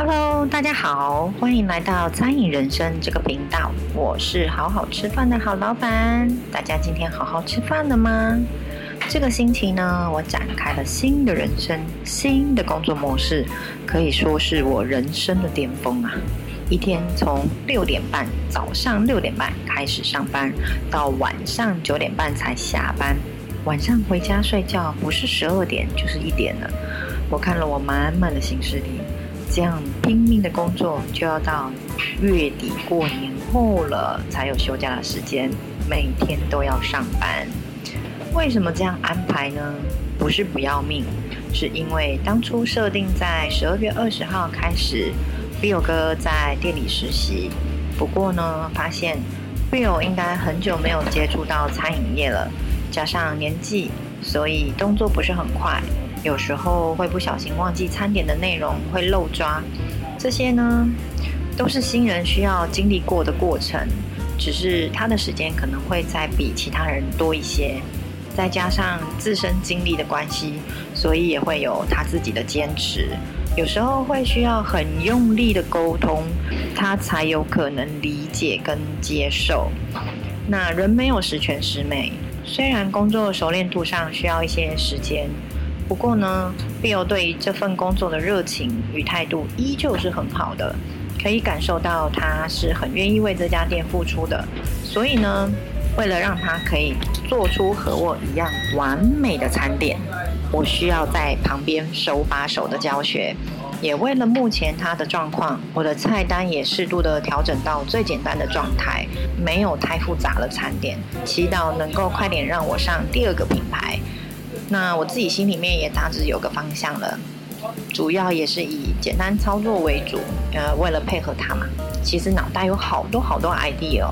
Hello，大家好，歡迎來到餐飲人生這個頻道。我是好好吃飯的好老闆。大家今天好好吃飯了嗎？這個星期呢，我展開了新的人生，新的工作模式，可以說是我人生的巔峰啊！一天從六點半，早上六點半開始上班，到晚上九點半才下班。晚上回家睡覺，不是十二點就是一點了。我看了我滿滿的行事曆。這樣拼命的工作，就要到月底過年後了才有休假的時間，每天都要上班。為什麼這樣安排呢？不是不要命，是因為當初設定在十二月二十號開始，Bill 哥在店裡實習。不過呢，發現 Bill 應該很久沒有接觸到餐飲業了，加上年紀，所以動作不是很快。有時候會不小心忘記餐點的內容，會漏抓，這些呢，都是新人需要經歷過的過程。只是他的時間可能會再比其他人多一些，再加上自身經歷的關係，所以也會有他自己的堅持。有時候會需要很用力的溝通，他才有可能理解跟接受。那人沒有十全十美，雖然工作熟練度上需要一些時間。不過呢，Bill 對於這份工作的熱情與態度依舊是很好的，可以感受到他是很願意為這家店付出的。所以呢，為了讓他可以做出和我一樣完美的餐點，我需要在旁邊手把手的教學，也為了目前他的狀況，我的菜單也適度的調整到最簡單的狀態，沒有太複雜的餐點，祈禱能夠快點讓我上第二個品牌。那我自己心裡面也大致有個方向了，主要也是以簡單操作為主。呃，為了配合它嘛，其實腦袋有好多好多 idea。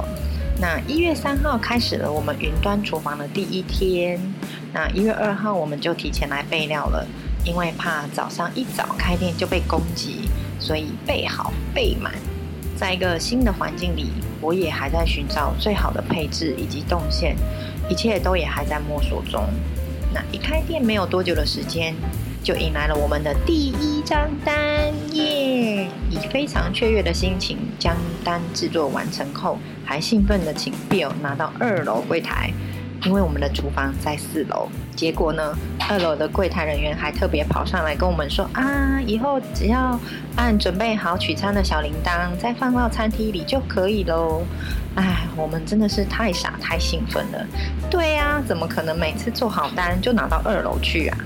那一月三號開始了我們雲端廚房的第一天，那一月二號我們就提前來備料了，因為怕早上一早開店就被攻擊，所以備好備滿。在一個新的環境裡，我也還在尋找最好的配置以及動線，一切都也還在摸索中。一開店沒有多久的時間，就迎來了我們的第一張單耶！Yeah! 以非常雀躍的心情將單製作完成後，還興奮的請 Bill 拿到二樓櫃檯。因為我們的廚房在四樓，結果呢，二樓的櫃檯人員還特別跑上來跟我們說：“啊，以後只要按準備好取餐的小鈴鐺，再放到餐梯裡就可以嘍。”哎，我們真的是太傻太興奮了。對呀、啊，怎麼可能每次做好單就拿到二樓去啊？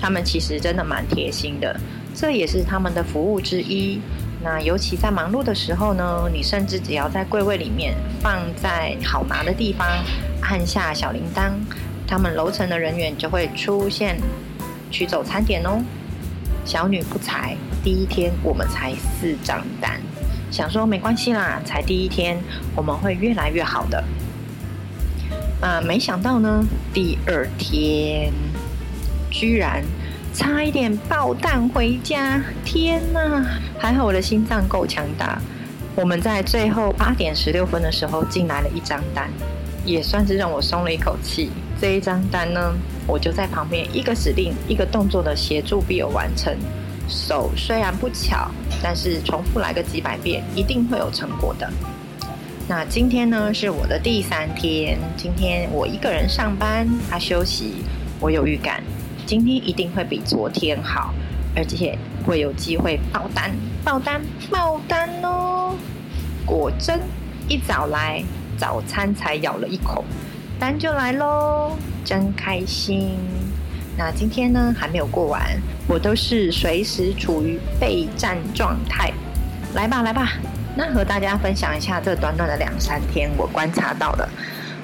他們其實真的蠻貼心的，這也是他們的服務之一。那尤其在忙碌的時候呢，你甚至只要在櫃位裡面放在好拿的地方，按下小鈴鐺，他們樓層的人員就會出現取走餐點哦。小女不才，第一天我們才四張單，想說沒關係啦，才第一天，我們會越來越好的。啊，沒想到呢，第二天居然。差一點爆蛋回家，天哪！還好我的心臟夠強大。我們在最後八點十六分的時候進來了一張單，也算是讓我鬆了一口氣。這一張單呢，我就在旁邊一個指令一個動作的協助，必有完成。手雖然不巧，但是重複來個幾百遍，一定會有成果的。那今天呢是我的第三天，今天我一個人上班，他休息，我有預感。今天一定會比昨天好，而且會有機會爆單、爆單、爆單哦！果真，一早來早餐才咬了一口，單就來咯，真開心。那今天呢還沒有過完，我都是隨時處於備戰狀態。來吧，來吧，那和大家分享一下這短短的兩三天我觀察到的。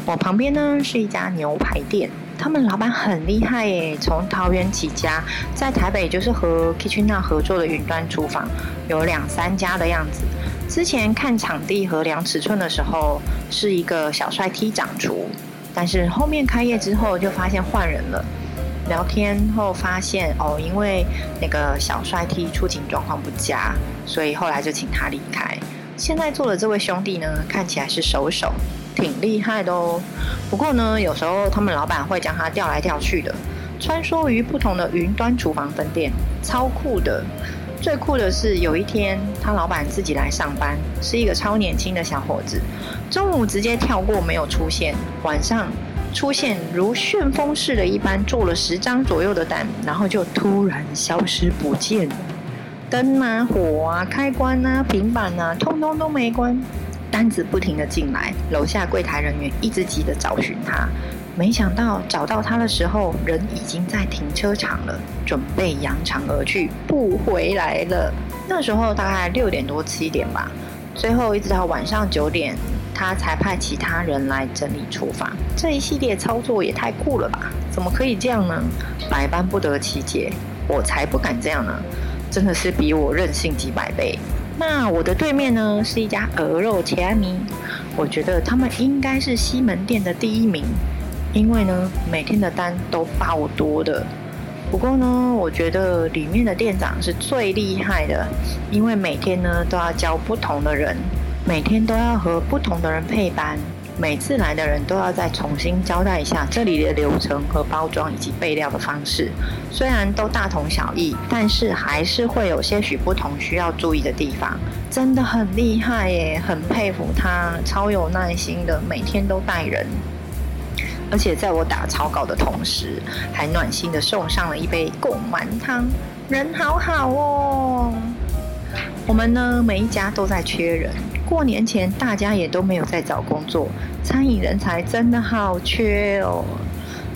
我旁邊呢是一家牛排店。他們老闆很厲害耶，從桃園起家，在台北就是和 Kitchena 合作的雲端廚房有兩三家的樣子。之前看場地和量尺寸的時候是一個小帥 T 掌廚，但是後面開業之後就發現換人了。聊天後發現哦，因為那個小帥 T 出勤狀況不佳，所以後來就請他離開。現在做的這位兄弟呢，看起來是熟手。挺厲害的哦，不過呢，有時候他們老闆會將他調來調去的，穿梭於不同的雲端廚房分店，超酷的。最酷的是，有一天他老闆自己來上班，是一個超年輕的小伙子，中午直接跳過沒有出現，晚上出現如旋風似的一般做了十張左右的單，然後就突然消失不見了，燈啊、火啊、開關啊、平板啊，通通都沒關。單子不停地進來，樓下櫃台人員一直急着找尋他，沒想到找到他的時候，人已經在停車場了，準備揚長而去，不回來了。那時候大概六點多七點吧，最後一直到晚上九點，他才派其他人來整理廚房。這一系列操作也太酷了吧？怎麼可以這樣呢？百般不得其解，我才不敢這樣呢、啊，真的是比我任性幾百倍。那我的對面呢，是一家鵝肉茄米，我覺得他們應該是西門店的第一名，因為呢，每天的單都爆多的。不過呢，我覺得裡面的店長是最厲害的，因為每天呢都要教不同的人，每天都要和不同的人配班。每次來的人都要再重新交代一下這裡的流程和包裝以及備料的方式，雖然都大同小異，但是還是會有些許不同需要注意的地方。真的很厲害耶，很佩服他，超有耐心的，每天都帶人。而且在我打草稿的同時，還暖心的送上了一杯貢丸湯，人好好哦。我們呢，每一家都在缺人。過年前大家也都沒有在找工作，餐飲人才真的好缺哦、喔。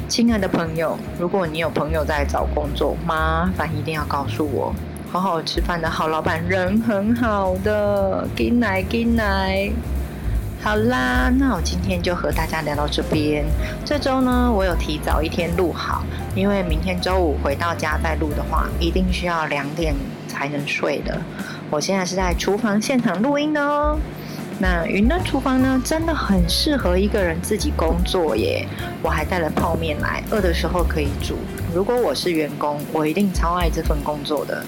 親愛的朋友，如果你有朋友在找工作，麻煩一定要告訴我。好好好吃飯的好老板，人很好的，進來進來。好啦，那我今天就和大家聊到這邊。這周呢，我有提早一天錄好，因為明天周五回到家再錄的話，一定需要兩點才能睡的。我現在是在廚房現場錄音的哦。那雲端廚房呢，真的很適合一個人自己工作耶。我還帶了泡麵來，餓的時候可以煮。如果我是員工，我一定超愛這份工作的。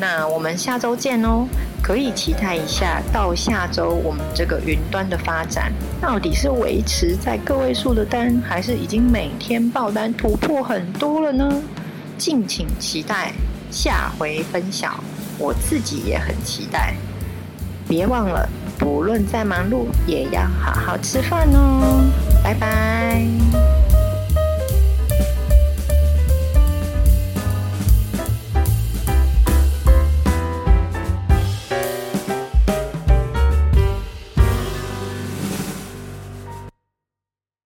那我們下周見哦，可以期待一下到下周我們這個雲端的發展到底是維持在個位數的單，還是已經每天爆單突破很多了呢？敬請期待下回分曉。我自己也很期待。別忘了，不論再忙碌，也要好好吃飯哦。拜拜。